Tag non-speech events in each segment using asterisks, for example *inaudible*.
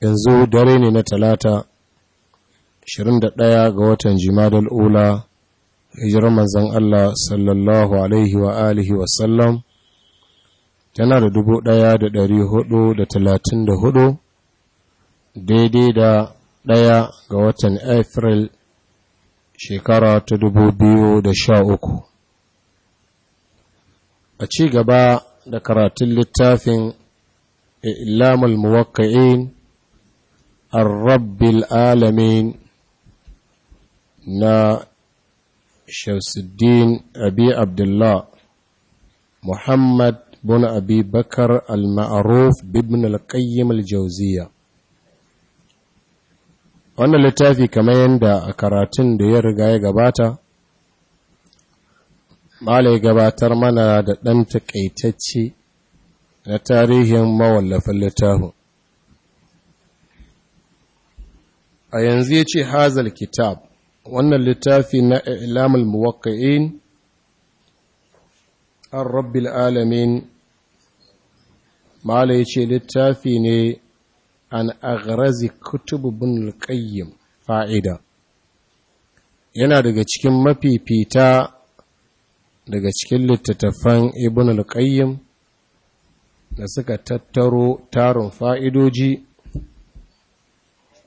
yanzu dare ne na talata 21 ga watan jimadar ula hijirar manzan Allah sallallahu alaihi wa alihi wasallam tana da 1434 daidai da ɗaya ga watan Afril, shekara ta dubu biyu da 2013 a ci gaba da karatun littafin ilamul muwakka'in الرب العالمين نا شمس الدين أبي عبد الله محمد بن أبي بكر المعروف بابن القيم الجوزية wannan littafi kamar yadda a karatun da ya riga ya gabata malai gabatar mana da ɗan taƙaitacce na tarihin mawallafin littafin a yanzu ya ce hazal kitab wannan littafi na ilamul muwakka'in an rabbil alamin mala ya ce littafi ne an aghrazi kutububin bin fa'ida yana daga cikin mafifita daga cikin littattafan ibn al da suka tattaro tarin fa'idoji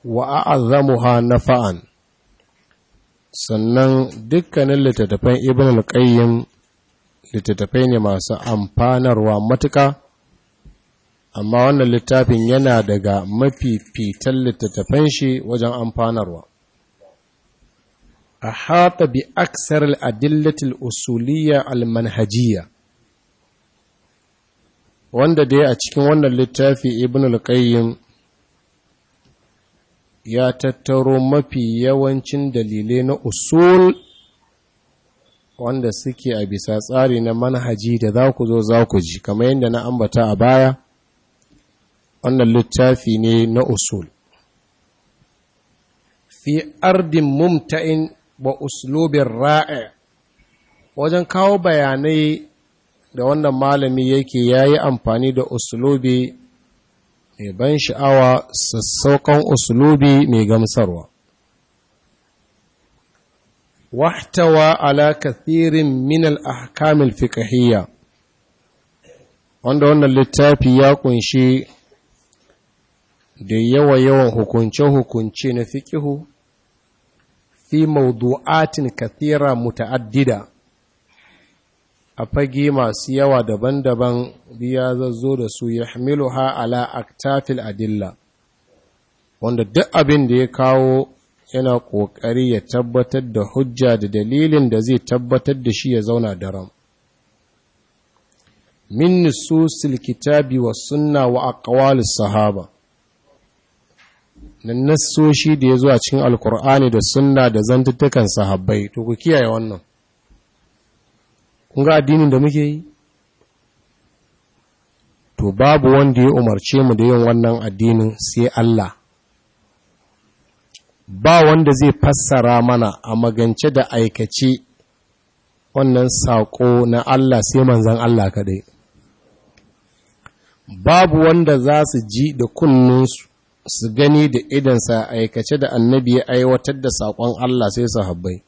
wa na nafa'an sannan dukkanin littattafan ibn al-qayyim littattafai ne masu amfanarwa matuka amma wannan littafin yana daga mafi mafifitan littattafan shi wajen amfanarwa ahata bi aksar al-adillati al-usuliyya al-manhajiyya wanda dai a cikin wannan littafi ibn al-qayyim ya tattaro mafi yawancin dalilai na usul wanda suke a bisa tsari na manhaji da za ku zo za ku ji kamar yadda na ambata a baya wannan littafi ne na usul fi ardin mumta'in ba uslubin ra'a wajen kawo bayanai da wannan malami yake ya yi amfani da usulobi. mai ban sha'awa sassauƙan usulubi mai gamsarwa wahtawa ala kathirin minal al-ahkam al wanda wannan littafi ya ƙunshi da yawa yawan hukunce-hukunce na fiƙihu fi mawdu'atin kathira muta'addida a fage masu yawa daban-daban biya zazzo da su ya ha ala aktafil adilla wanda duk abin da ya kawo yana ƙoƙari ya tabbatar da hujja da dalilin da zai tabbatar da shi ya zauna daram min nususil kitabi wa sunna wa aqwalis sahaba nan nasoshi da ya zuwa cikin alkur'ani da sunna da zantattukan sahabbai to ku kiyaye wannan kun addinin da muke yi to babu wanda ya umarce mu da yin wannan addinin sai Allah ba wanda zai fassara mana a magance da aikace wannan saƙo na Allah sai manzan Allah kaɗai babu wanda za su ji da kunninsu su gani da idansa aikace da annabi ya aiwatar da saƙon Allah sai su habbai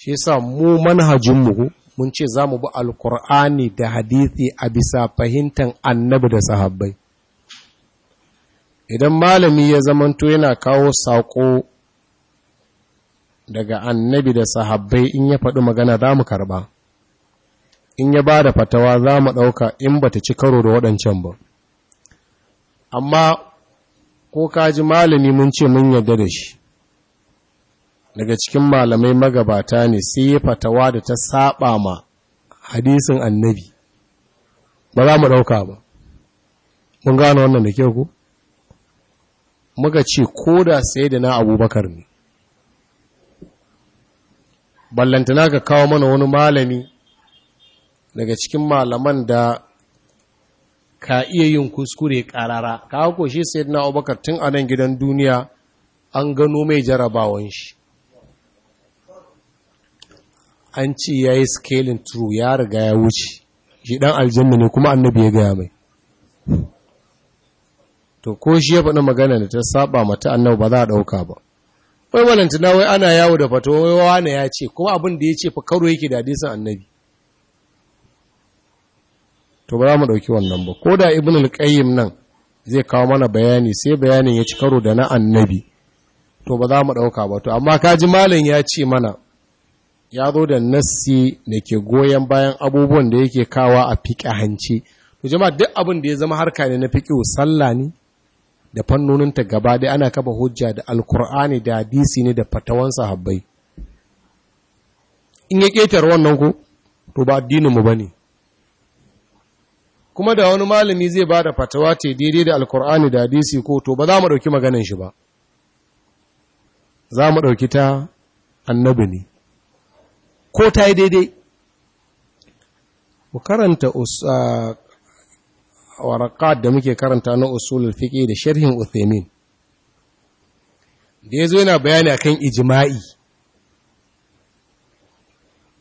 shi sa mu manhajinmu mun ce za mu bi alkur'ani da hadithi a bisa fahimtar annabi da sahabbai idan malami ya zamanto yana kawo saƙo daga annabi da sahabbai in ya faɗi magana za mu karɓa in ya ba da fatawa za mu ɗauka in ba ta ci karo da waɗancan ba amma ko kaji malami mun ce mun yadda da shi daga cikin malamai magabata ne sai ya fatawa da ta saba ma hadisin annabi ba za mu ɗauka ba mun gano wannan da kyau ku muka ce ko da sai da na abubakar ne ballantana ka kawo mana wani malami daga cikin malaman da ka iya yin kuskure karara ka hako shi sai na abubakar tun a nan gidan duniya an gano mai jarabawan shi an ce ya yi scaling true ya riga ya wuce shi dan aljanna ne kuma annabi ya gaya mai to ko shi ya faɗi magana da ta saba mata annabi ba za a ɗauka ba wai walantana wai ana yawo da fato wai wane ya ce kuma abin da ya ce fa karo yake da hadisin annabi to ba za mu ɗauki wannan ba ko da ibn al nan zai kawo mana bayani sai bayanin ya ci karo da na annabi to ba za mu ɗauka ba to amma kaji malam ya ce mana ya zo da nassi da ke goyon bayan abubuwan da yake kawa a fiƙe hanci to jama'a duk abin da ya zama harka ne na fiƙe sallah ne da fannoninta gaba dai ana kaba hujja da alkur'ani da hadisi ne da fatawan sahabbai in ya ƙetar wannan ko to ba addinin mu bane kuma da wani malami zai ba da fatawa ce daidai da alkur'ani da hadisi ko to ba za mu ɗauki maganin shi ba za mu ɗauki ta annabi ne ko ta yi daidai mu karanta warakat da muke karanta na usulul fiƙe da sharhin Uthaymeen da ya zo yana bayani akan ijima'i?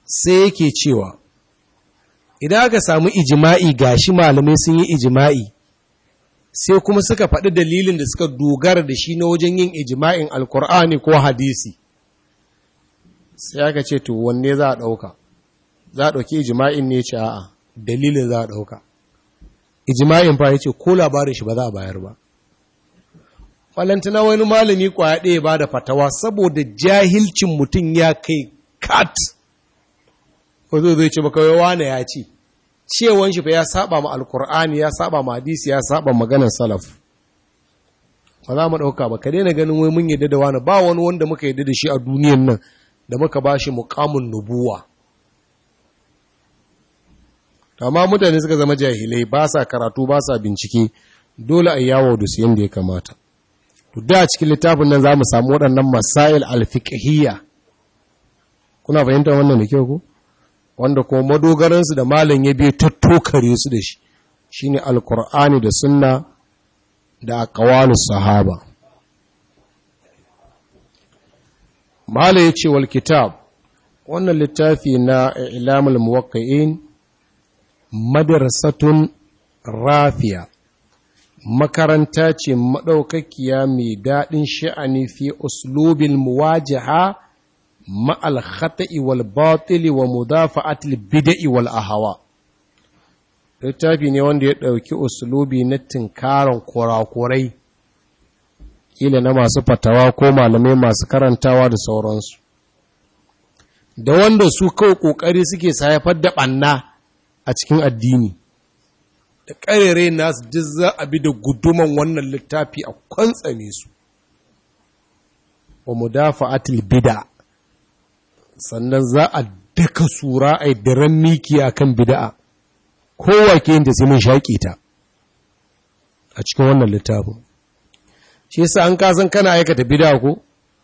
sai yake cewa idan aka samu ijima'i ga shi malamai sun yi ijima'i, sai kuma suka faɗi dalilin da suka dogara da shi na wajen yin ijima'in alkur'ani ko hadisi sai aka ce to wanne za a ɗauka za a ɗauki ijima'in ne ce a'a dalilin za a ɗauka ijima'in fa ya ce ko labarin shi ba za a bayar ba falantana wani malami kwaya ɗaya ba da fatawa saboda jahilcin mutum ya kai kat wazo zai ce maka wane ya ce cewan shi fa ya saba ma alkur'ani ya saba ma hadisi ya saba maganar salaf ba za mu ɗauka ba ka daina ganin wai mun yadda da wani ba wani wanda muka yadda da shi a duniyan nan da muka ba shi muƙamun nubuwa amma mutane suka zama jahilai ba sa karatu ba sa bincike dole a yawo da su yadda ya kamata to da cikin littafin nan za mu samu waɗannan masail alfiqhiyya kuna fahimta wannan da kyau ko wanda kuma madogaransu da malam ya biya tattokare su da shi shine alkur'ani da sunna da aqwalus sahaba Mala ya ce wal kitab, wannan littafi na ilamul muwakka'in madarsatun rafiya, makaranta ce maɗaukakiya mai daɗin sha'ani fi uslubil muwajaha ma'al khata'i wal batili wa mudafa'atil bid'i wal ahawa. Littafi ne wanda ya ɗauki uslubi na tinkarin kurakurai Kila na masu fatawa ko malamai masu karantawa da sauransu da wanda su kawo ƙoƙari suke sayafar da ɓanna a cikin addini da ƙarere nasu duk za a bi da guduman wannan littafi a kwantsame su wa mudafa'atil bida sannan za a daka sura ai daren mikiya kan bida'a, kowa ke yin da sai mun shaƙe ta a cikin wannan littafin shi yasa an kasan kana aikata bid'a ko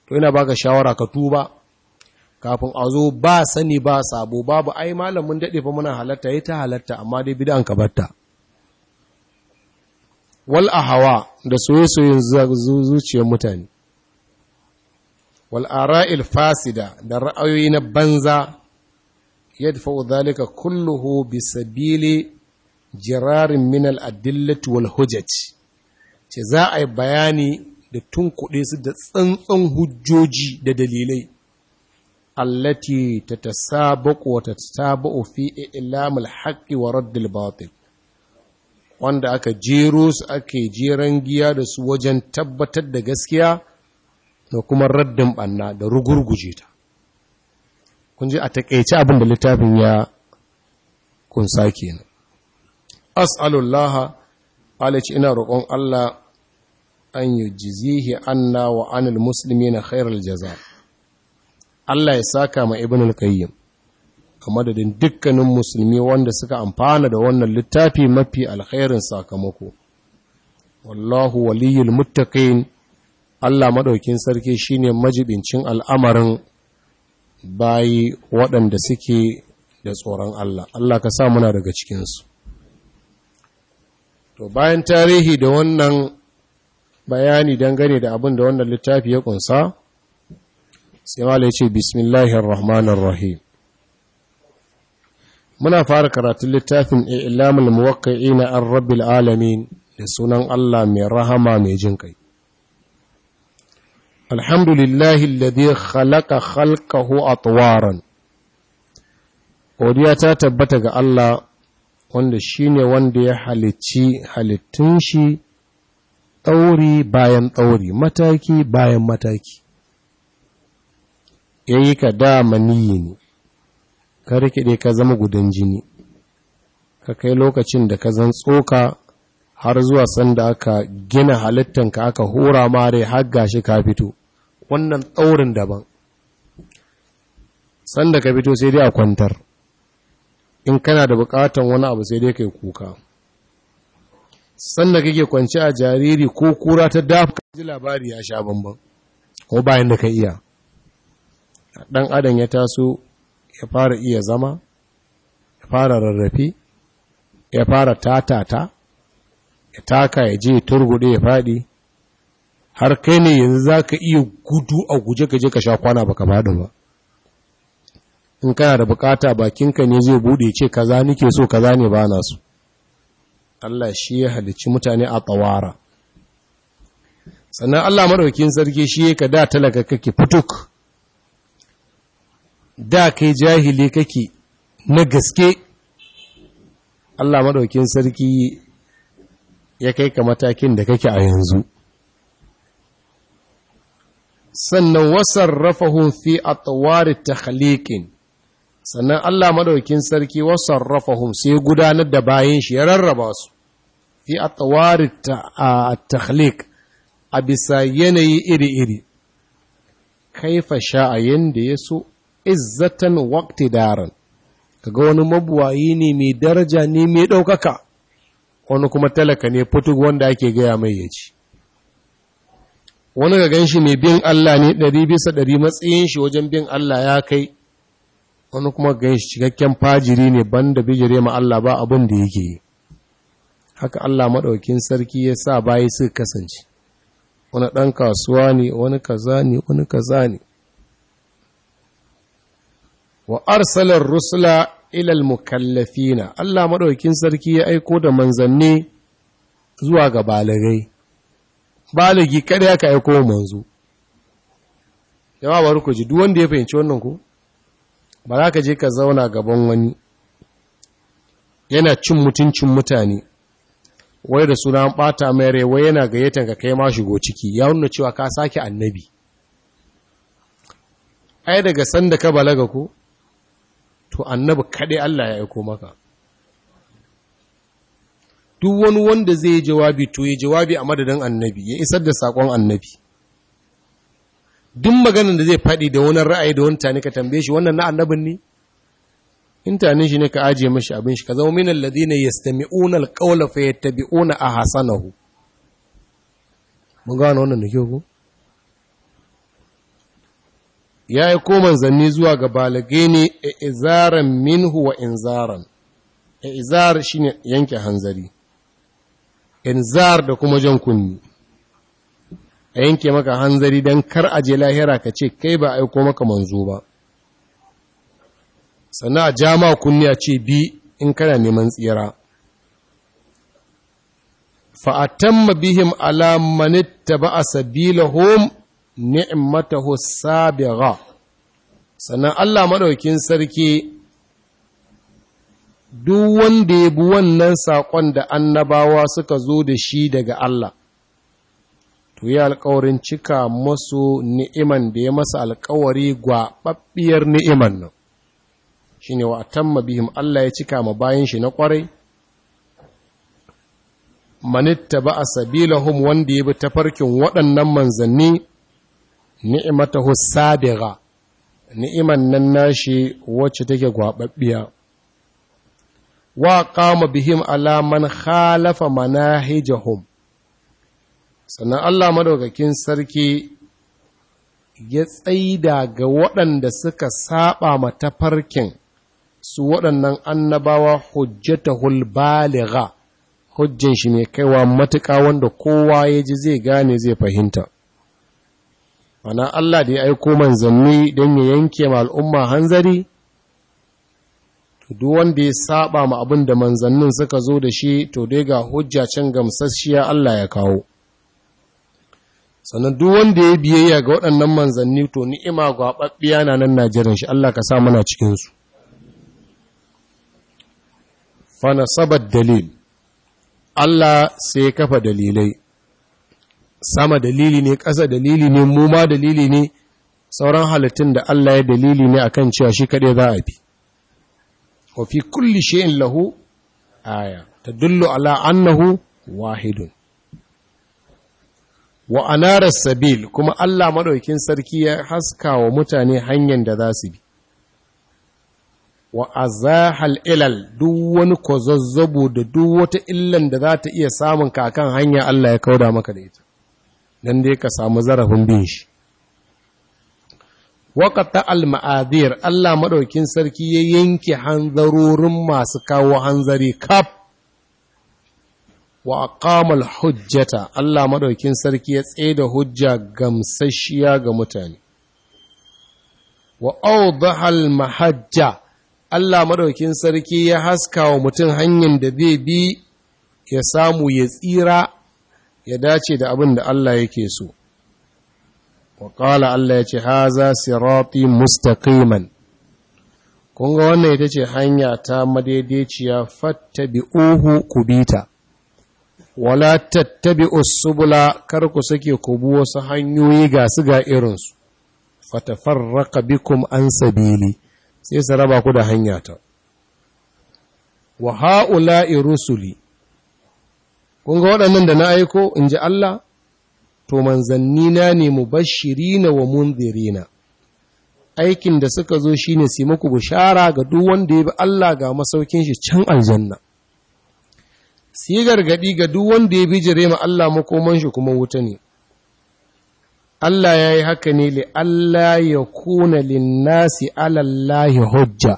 to ina baka shawara ka tuba kafin a zo ba sani ba sabo babu ai malamin dade fa muna halatta yayi ta halatta amma dai bid'an ka batta wal ahawa da soyoyin zuciyar mutane wal ara'il fasida da ra'ayoyi na banza yadfa'u dhalika kulluhu bisabili jirarin min al-adillati wal hujaj ce za a yi bayani da tunkuɗe su da tsantsan hujjoji da dalilai allati ta ta ta wa tataba'u fi ilamul haƙƙi wa raddil batil wanda aka jero su ake jeran giya da su wajen tabbatar da gaskiya da kuma raddin ɓanna da rugurguje ta kun ji a taƙaice abin da littafin ya kunsa kenan as'alullaha alaci ina roƙon Allah an yujzihi anna wa musulmi na khairal jaza Allah ya saka ma ibn al-qayyim a madadin dukkanin musulmi wanda suka amfana da wannan littafi mafi alkhairin sakamako wallahu waliyul muttaqin Allah madaukin sarki shine majibincin al'amarin bayi waɗanda suke da tsoron Allah Allah ka sa muna daga cikinsu to bayan tarihi da wannan bayani dangane da abin da wannan littafi ya kunsa sai malai ce bismillahir rahmanir rahim muna fara karatun littafin ilamul na an rabbil alamin da sunan Allah mai rahama mai jin kai alhamdulillahi alladhi khalaqa khalqahu atwaran godiya ta tabbata ga Allah wanda shine wanda ya halicci halittun shi ɗauri bayan ɗauri mataki bayan mataki ya yi ka dama maniyi ne ka rikide ka zama gudun jini ka kai lokacin da ka zan tsoka har zuwa sanda aka gina halittanka aka hura mare har gashi ka fito wannan ɗaurin daban sanda ka fito sai dai a kwantar in kana da bukatan wani abu sai dai kai kuka sannan kake kwance a jariri ko kura ta dafka ji labari ya sha bambam ko bayan da ka iya ɗan adam ya taso ya fara iya zama ya fara rarrafe ya fara tatata ya taka ya je turgude ya fadi har kai ne yanzu za ka iya gudu a guje ka je ka sha kwana baka fadi ba in kana da bukata bakinka ne zai bude ce kaza nike so kaza ne ba na Allah shi ya halicci mutane a tsawara sannan Allah maraukin sarki shi ya ka da talaka kake fituk da kai jahili kake na gaske Allah maraukin sarki ya kai ka matakin da kake a yanzu sannan wasan rafahun fi a tsawari ta sannan Allah maɗaukin sarki wasan rafahun sai gudanar da bayan shi ya rarraba su fi a tsawarin takhlik a bisa yanayi iri-iri kaifa sha'ayin da ya so izzatan wakti daren kaga wani mabuwayi ne mai daraja ne mai ɗaukaka wani kuma talaka ne fito wanda ake gaya mai ya ci wani ga shi mai bin Allah ne ɗari bisa ɗari matsayin shi wajen bin Allah ya kai wani kuma ganshi cikakken fajiri ne banda bijire ma Allah ba abin da yake yi haka Allah maɗaukin sarki ya sa bayi su kasance wani ɗan kasuwa ne wani kaza ne wani kaza ne wa arsalar rusula ilal mukallafina Allah maɗaukin sarki ya aiko da manzanni zuwa ga balagai balagi kada ya ka aiko manzo Yawa bari ku ji duk wanda ya fahimci wannan ku? ba za ka je ka zauna gaban wani yana cin mutuncin mutane wai da suna ɓata mai rai wai yana gayyatan ka kai ma shigo ciki ya nuna cewa ka sake annabi ai daga sanda ka balaga ko to annabi kaɗai Allah ya aiko maka duk wani wanda zai yi jawabi to yi jawabi a madadin annabi ya isar da sakon annabi duk maganin da zai faɗi da wani ra'ayi da wani tani ka tambaye shi wannan na annabin ne intanin shi ne ka ajiye mashi abin shi ka zama minan na alladhina yastami'una alqawla fa a hasanahu mun gano wannan da kyau ko ya yi koman zanni zuwa ga balage ne a izaren minhu wa inzaran a izar shi ne yanke hanzari inzar da kuma jan kunni a yanke maka hanzari don kar aje lahira ka ce kai ba aiko maka manzo ba sannan a jama kunniya ce bi in kana neman tsira fa'atamma bihim ta ba a sabilahum ni'matahu sabiga sannan Allah maɗaukin sarki duk wanda ya bi wannan saƙon da annabawa suka zo da shi daga Allah to yi alƙawarin cika masu ni'iman da ya masa alkawari gwaɓaɓɓiyar ni'iman nan ne wa atamma bihim Allah ya cika ma bayan shi na kwarai manitta ba a sabilahum wanda ya bi ta farkin waɗannan manzanni da sadiqa ni'iman nan nashi wacce take gwaɓaɓɓiya wa qama bihim ala man khalafa manahijahum sannan Allah madaukakin sarki ya tsaida ga waɗanda suka saba farkin. su waɗannan annabawa hujjata hulbaliga hujjan shi ne kaiwa matuƙa wanda kowa ya ji zai gane zai fahimta ana Allah da ya aiko manzanni don ya yanke ma al'umma hanzari duk wanda ya saba ma abin da manzannin suka zo da shi to dai ga hujja can gamsasshiya Allah ya kawo sannan duk wanda ya biyayya ga waɗannan manzanni to ni'ima gwaɓaɓɓiya na nan najerin shi Allah ka sa mana cikinsu fana sabad dalil Allah sai kafa dalilai sama dalili ne ƙasa dalili ne mu ma dalili ne sauran halittun da Allah ya dalili ne akan cewa shi kaɗai za a bi wa fi kulli shi'in lahu aya tadullu ala annahu wahidun wa anarar sabil kuma Allah maɗaukin sarki ya haska wa mutane hanyar da za su bi wa azahal ilal duk wani kwazazzabo da duk wata illan da za ta iya samun ka hanya Allah ya kauda maka da ita dan dai ka samu zarafin bin shi waƙata al ma'adir Allah maɗaukin sarki ya yanke hanzarorin masu kawo hanzari kaf wa aqamal hujjata Allah maɗaukin sarki ya tsaye hujja gamsashiya ga mutane wa al mahajja Allah maɗaukin sarki ya haska wa mutum hanyar da zai bi ya samu ya tsira ya dace da abin da Allah yake so. ƙala Allah ya ce, Haza sirati mustaqiman kun ga wannan ita ce hanya ta madaidaiciya fattabi'uhu kubita wala tattabi subula kar ku sake ku bi wasu hanyoyi ga su ga irinsu fatafarraqa bikum an sabili sai su raba ku da hanya ta wa ha'ula'i rusuli kun ga waɗannan da na aiko in ji Allah to manzannina ne na wa na aikin da suka zo shine ne muku bishara ga duk wanda ya bi Allah ga masaukin shi can aljanna Sigar gadi ga duk wanda ya bi jirema Allah makoman shi kuma wuta ne Allah ya yi haka ne li Allah ya kuna linnasi alallahi hujja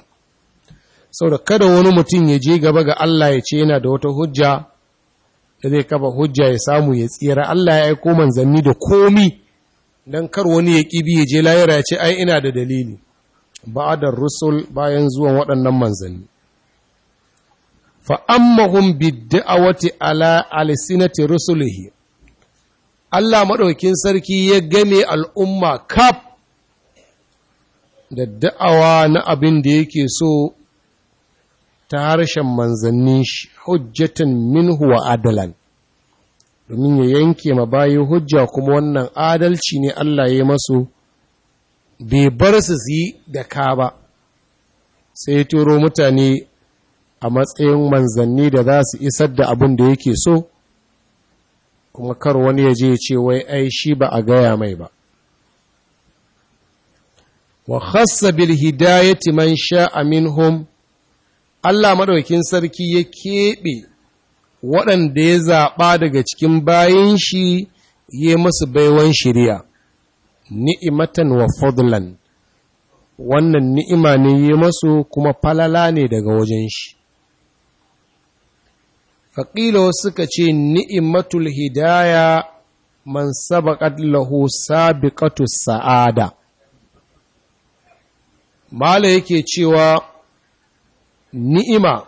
saboda kada wani mutum ya je gaba ga Allah ya ce yana da wata hujja da zai kafa hujja ya samu ya tsira Allah ya yi koman zanni da komi don kar wani ya ƙibi ya je layira ya ce ai ina da dalili da rusul bayan zuwan waɗannan manzanni fa ammahum bid a ala alsinati rusulihi Allah maɗaukin sarki ya game al'umma kaf da da'awa na abin da yake so ta harshen manzanni shi hujjatin minhu wa adalan domin ya yanke ma bayi hujja kuma wannan adalci ne Allah ya masu bai bar su yi da ka ba sai turo mutane a matsayin manzanni da za su isar da abin da yake so kuma kar wani ya je ce wai ai shi ba a gaya mai ba wa khassa bil hidayati man sha'a minhum Allah madaukin sarki ya keɓe waɗanda ya zaɓa daga cikin bayan shi ya masu baiwan shari'a ni'imatan wa fadlan wannan ni'ima ne ya masu kuma falala ne daga wajen shi faƙilo suka ce ni'imatul hidaya man sabaƙat lahu sabiƙatu sa'ada mala yake cewa ni'ima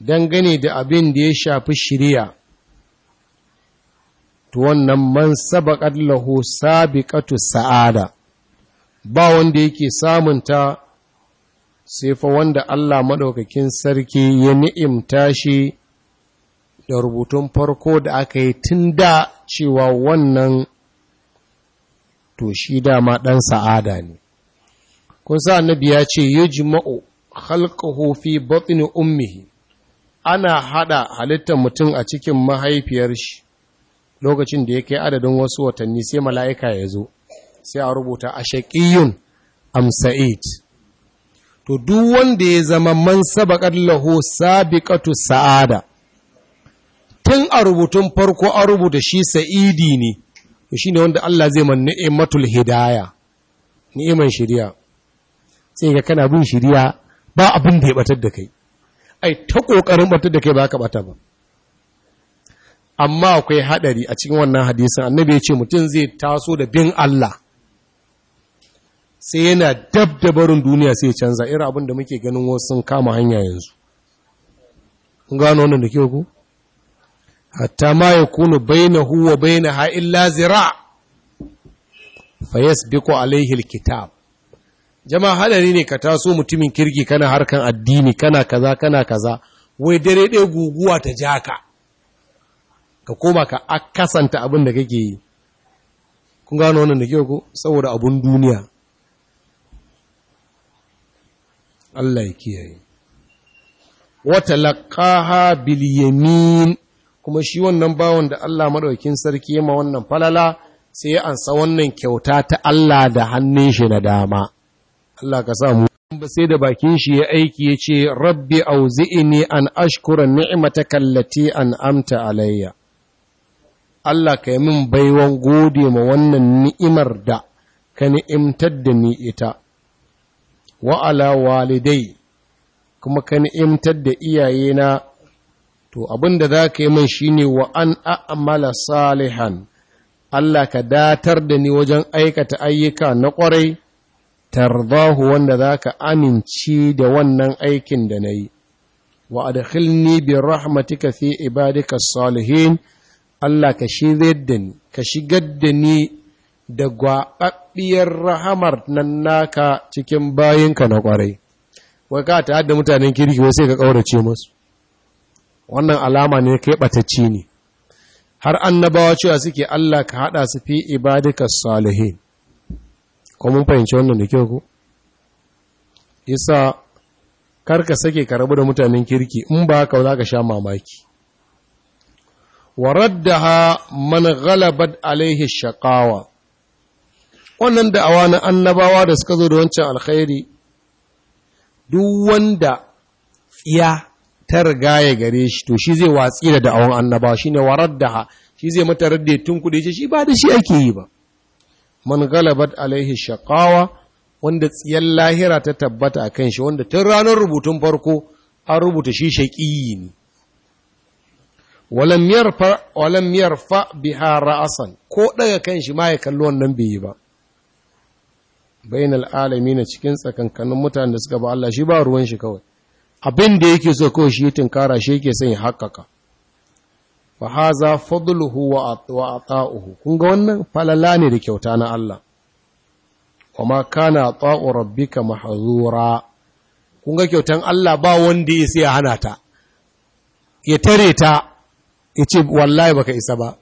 dangane da abin da ya shafi shirya to wannan man sabaƙat lahu sabiƙatu sa'ada ba wanda yake samunta sai fa wanda Allah maɗaukakin sarki ya ni'imta shi da rubutun farko da aka yi tun da cewa wannan to shi dama ɗan sa'ada ne. Kun sa annabi ya ce, Yi jima'o, halka fi batsini ummihi, ana haɗa halittar mutum a cikin mahaifiyar shi lokacin da ya kai adadin wasu watanni sai mala'ika ya zo, sai a rubuta a shaƙiyun amsa'id. to duk wanda ya zama man sabaƙar laho sabikatu sa'ada tun a rubutun farko a rubuta shi sa'idi ne to ne wanda Allah zai man ni'matul hidaya ni'man shiriya sai ga kana bin shiriya ba abin da ya batar da kai ai ta kokarin batar da kai ba ka bata ba amma akwai hadari a cikin wannan hadisin annabi ya ce mutum zai taso da bin Allah sai yana dab da barin duniya sai canza irin abin da muke ganin wasu sun kama hanya yanzu kun gano wannan da kyau ku hatta ma ya yakunu bainahu wa bainaha illa zira fa yasbiqu alayhi alkitab jama'a hadari ne ka taso mutumin kirki kana harkan addini kana kaza kana kaza wai dare ɗaya guguwa ta ja ka ka koma ka akasanta abin da kake yi kun gano wannan da kyau ku saboda abun duniya Allah ya kiyaye wata laqaha ha kuma shi wannan bawon da Allah maɗaukin sarki ma wannan falala sai ya ansa wannan kyauta ta Allah da hannun shi na dama Allah ka samu. ba sai da bakin shi ya aiki ya ce rabbi auzi'ini an ashkura kallati an amta alayya Allah ka yi min baiwan gode ma wannan ni'imar da ka ni'imtar da ni ita wa ala walidai kuma ka ni'imtar da iyayena to abin da za ka yi min shine wa an a'mala salihan Allah ka datar da ni wajen aikata ayyuka na ƙwarai tarzahu wanda za ka amince da wannan aikin da na yi wa adkhilni bi rahmatika fi ibadika salihin Allah ka shigar da ni ka shigar da ni da gwaɓaɓɓiyar rahamar nan naka cikin bayinka na ƙwarai wai ka ta mutanen kirki wai sai ka ƙaurace musu wannan alama ne kai ɓatacci ne har annabawa cewa suke Allah ka haɗa su fi ibadika salihin ko mun fahimci wannan da kyau ku? isa ka sake ka rabu da mutanen kirki in ba ka za ka sha mamaki raddaha man ghalabat alaihi shaqawa wannan da'awa na annabawa da suka zo da wancan alkhairi duk wanda ya ta riga ya gare shi to shi zai watsi da da'awan annaba shi ne warar da ha shi zai mata radde tun kudi shi shi ba da shi ake yi ba man galabat alaihi shaqawa wanda tsiyar lahira ta tabbata a kan shi wanda tun ranar rubutun farko an rubuta shi shaƙiyi ne walam yarfa biha ra'asan ko daga kan shi ma ya kalli wannan bai yi ba bainal alami na cikin tsakankanin mutanen da suka ba Allah shi ba ruwan shi kawai abin da yake so kawai shi tunkara shi yake son ya haƙƙaƙa fa haza fadluhu wa ata'uhu kun ga wannan falala ne da kyauta na Allah wa ma kana ata'u rabbika mahzura kun ga kyautan Allah ba wanda ya sai hana ta ya tare ta ya ce wallahi baka isa ba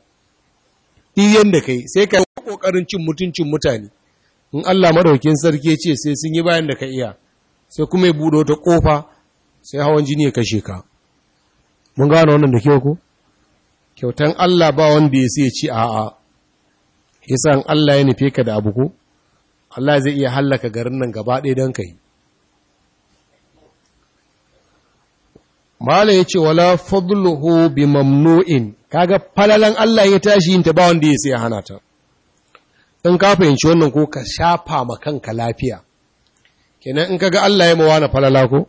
duk yanda kai sai ka kokarin cin mutuncin mutane in Allah madaukin sarki ce sai sun yi bayan da ka iya sai kuma ya budo ta kofa sai hawan jini ya kashe ka mun gano wannan da kyau ko kyautan Allah ba wanda ya sai ci a'a yasa in Allah ya nufi ka da abu ko Allah zai iya hallaka garin nan gaba ɗaya don kai Mala ya ce wala fadluhu bi mamnu'in kaga falalan Allah ya tashi yin ta ba wanda ya sai hana ta in ka fahimci wannan ko ka shafa ma kanka lafiya kenan in kaga Allah ya mawa na falala ko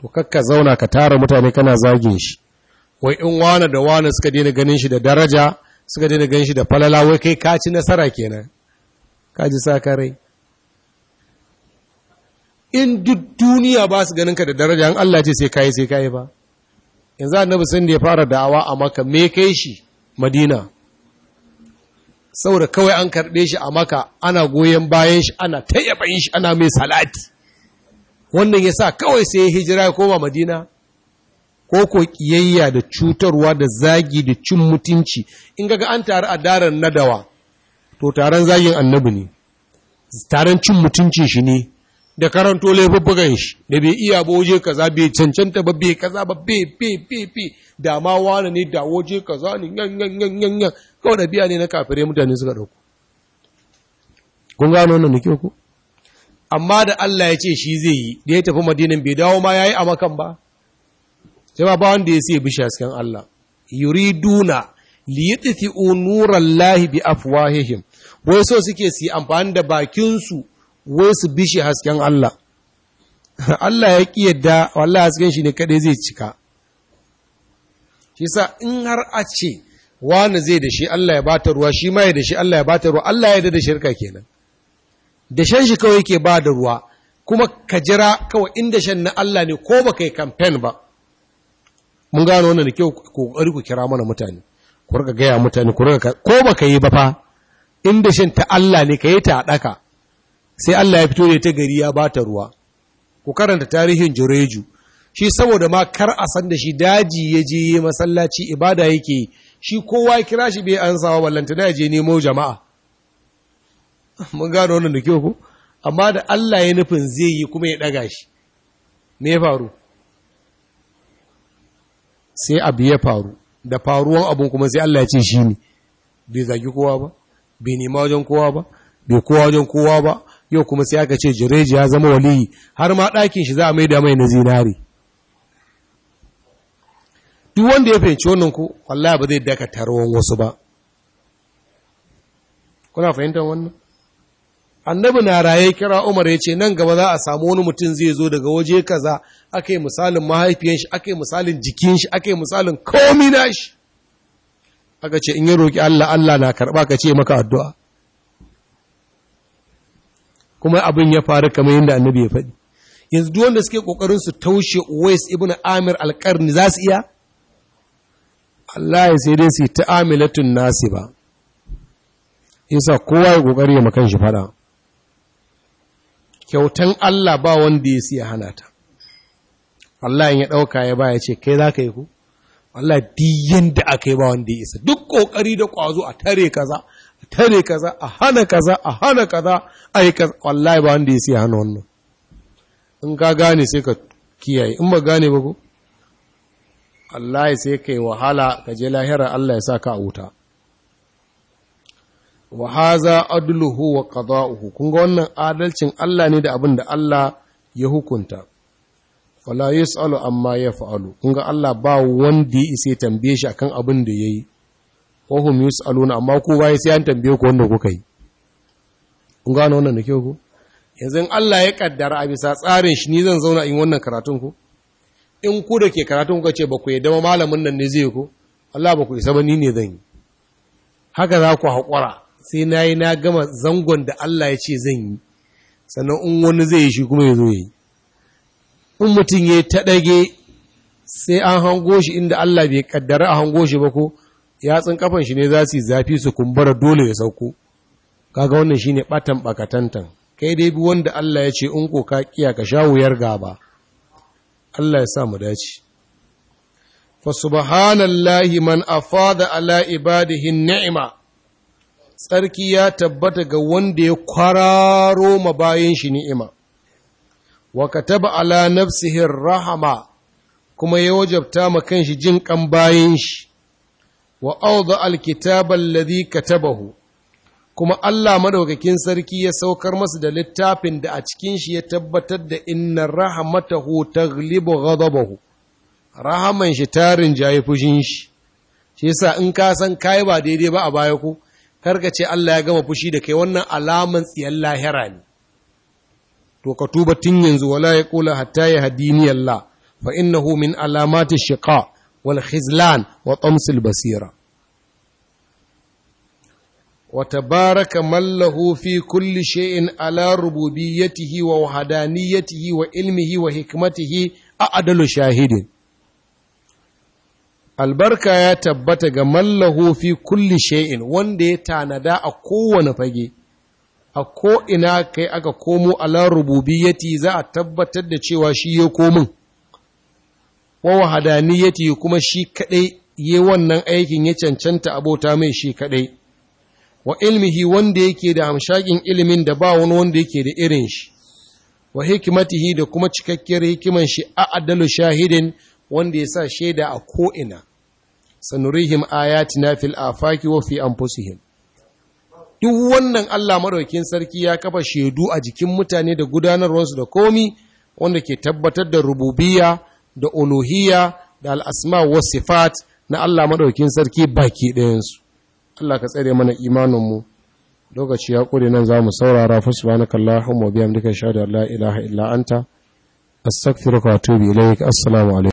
to kakka zauna ka tara mutane kana zagin shi wai in wani da wani suka daina ganin shi da daraja suka daina ganin shi da falala wai kai ka ci nasara kenan ka ji sakarai in duk duniya ba su ganin ka da daraja in Allah ce sai kai sai kai ba yanzu annabi sun da ya fara da'awa a maka me kai shi madina saboda kawai an karɓe shi a maka ana goyon bayan shi ana tayyaban shi ana mai salati wannan ya sa kawai sai hijira ya koma madina ko ko ƙiyayya da cutarwa da zagi da cin mutunci in ga an taru a daren nadawa to taron zagin annabi ne taron cin mutuncin shi ne da karanto laifuffukan shi da bai iya ba waje kaza bai cancanta ba bai kaza ba bai bai bai bai da ma wani ne da waje kaza ne yan yan yan yan da biya ne na kafirai mutane suka dauko kun gano wannan ke ku amma da Allah ya ce shi zai yi da ya tafi madinan bai dawo ma ya yi a makan ba sai ba wanda ya sai bishi hasken Allah yuriduna liyatfi'u nurallahi bi afwahihim wai so suke su amfani da bakinsu wai su bishi hasken Allah *laughs* Allah ya ƙi yadda wallah hasken shi ne kaɗai zai cika shi sa in har a ce wani zai da shi Allah ya bata ruwa shi ma ya da shi Allah ya bata ruwa Allah ya da da shirka kenan da shan shi kawai ke ba da ruwa kuma ka jira kawai inda shan na Allah ne ko baka yi kamfen ba mun gano wannan da kyau kokari ku kira mana mutane ku rika gaya mutane ku rika ko baka yi ba fa inda shan ta Allah ne ka yi ta a daka sai Allah ya fito da ta gari ya ba ta ruwa ku karanta tarihin jureju shi saboda ma kar a san da shi daji ya je yi masallaci ibada yake shi kowa ya kira shi bai an sawa wallanta da ya je nemo jama'a *laughs* mun gano wannan da kyau ku amma da Allah ya nufin zai yi kuma ya daga shi me ya faru sai abu ya faru da faruwan abun kuma sai Allah ya ce shi ne bai zagi kowa ba bai nema wajen kowa ba bai kowa wajen kowa ba yau kuma sai aka ce jireji ya zama waliyi har ma ɗakin shi za a maida mai na zinari duk wanda ya fahimci wannan ku wallahi ba zai daka wasu ba kuna fahimtar wannan annabi na raye kira umar ya ce nan gaba za a samu wani mutum zai zo daga waje kaza ake misalin mahaifiyan shi aka misalin jikin shi misalin komi na shi aka ce in ya roƙi Allah Allah na karɓa ka ce maka addu'a kuma abin ya faru kamar yadda annabi ya faɗi yanzu duk wanda suke kokarin su taushe Uwais ibn Amir al-Qarni za su iya Allah ya sai dai su ta'amilatun nasiba yasa kowa ya kokari ya makan shi fada kyautan Allah ba wanda ya siya hana ta Allah ya ɗauka ya ba ya ce kai za ka yi ku Allah biyan da aka yi ba wanda ya isa duk kokari da kwazo a tare kaza tare kaza a hana kaza a hana kaza a yi wallahi ba wanda ya sai hana wannan in ka gane sai ka kiyaye in ba gane ba ko wallahi sai kai wahala ka je lahira Allah ya sa ka a wuta wa haza adluhu wa qada'uhu kun ga wannan adalcin Allah ne da abin da Allah ya hukunta fala yasalu amma yaf'alu kun ga Allah ba wanda ya isa tambaye shi akan abin da yayi wahum tsaluna amma ku bayi sai an tambaye ku wanda kuka yi kun gano wannan da kyau ku yanzu in Allah ya kaddara a bisa tsarin shi ni zan zauna in wannan karatun ku in ku da ke karatun kuka ce ba ku yadda malamin nan ne zai ku Allah ba ku isa ba ni ne zan yi haka za ku haƙura sai na yi na gama zangon da Allah ya ce zan yi sannan in wani zai yi shi kuma ya zo ya yi in mutum ya ta ɗage sai an hango shi inda Allah bai kaddara a hango shi ba ko yatsun kafan shi ne za su yi zafi su kumbara dole ya sauko kaga wannan shi ne batan bakatantan kai dai bi wanda Allah ya ce in ko ka kiya ka sha wuyar gaba Allah ya sa mu dace fa subhanallahi man afada ala ibadihi ni'ima, tsarki ya tabbata ga wanda ya kwararo mabayin shi ni'ima wa kataba ala nafsihi rahama kuma ya wajabta ma kanshi jin kan bayin shi wa auda alkitaba alladhi katabahu kuma Allah madaukakin sarki ya saukar masa da littafin da a cikin shi ya tabbatar da inna rahmatahu taghlibu ghadabahu rahaman shi tarin jayi fushin shi shi yasa in ka san kai ba daidai ba a baya ko ka ce Allah ya gama fushi da kai wannan alaman tsiyan lahira ne to ka tuba tun yanzu wala ya kula hatta ya hadini Allah fa innahu min alamati shiqa wal khizlan wa tamsil basira Wata baraka, mallahu fi kulli shay'in ala rububiyyatihi wa wahdaniyatihi wa ilmihi wa hikmatihi a adalu shahidin albarka ya tabbata ga mallahu fi kulli shay'in wanda ya tanada a kowane fage a ko'ina kai aka komo ala rububiyyati za a tabbatar da cewa shi ya komin wa wahadaniyati kuma shi kaɗai yi wannan aikin ya cancanta abota mai shi kaɗai. wa ilmihi wanda yake da hamshakin ilimin da ba wani wanda yake da irin shi wa hikimatihi da kuma cikakkiyar hikiman shi a adalu shahidin wanda ya sa shaida a ko'ina sanurihim ayatina fil afaki wa fi anfusihim duk wannan Allah maɗaukin sarki ya kafa shaidu a jikin mutane da gudanarwarsu da komi wanda ke tabbatar da rububiyya da uluhiyya da al'asma wa sifat na Allah maɗaukin sarki baki ɗayansu Allah ka tsere mana imaninmu lokaci ya ƙuri nan za mu saurara fusu ba na kallahun biyan duka sha da Allah ilaha illa anta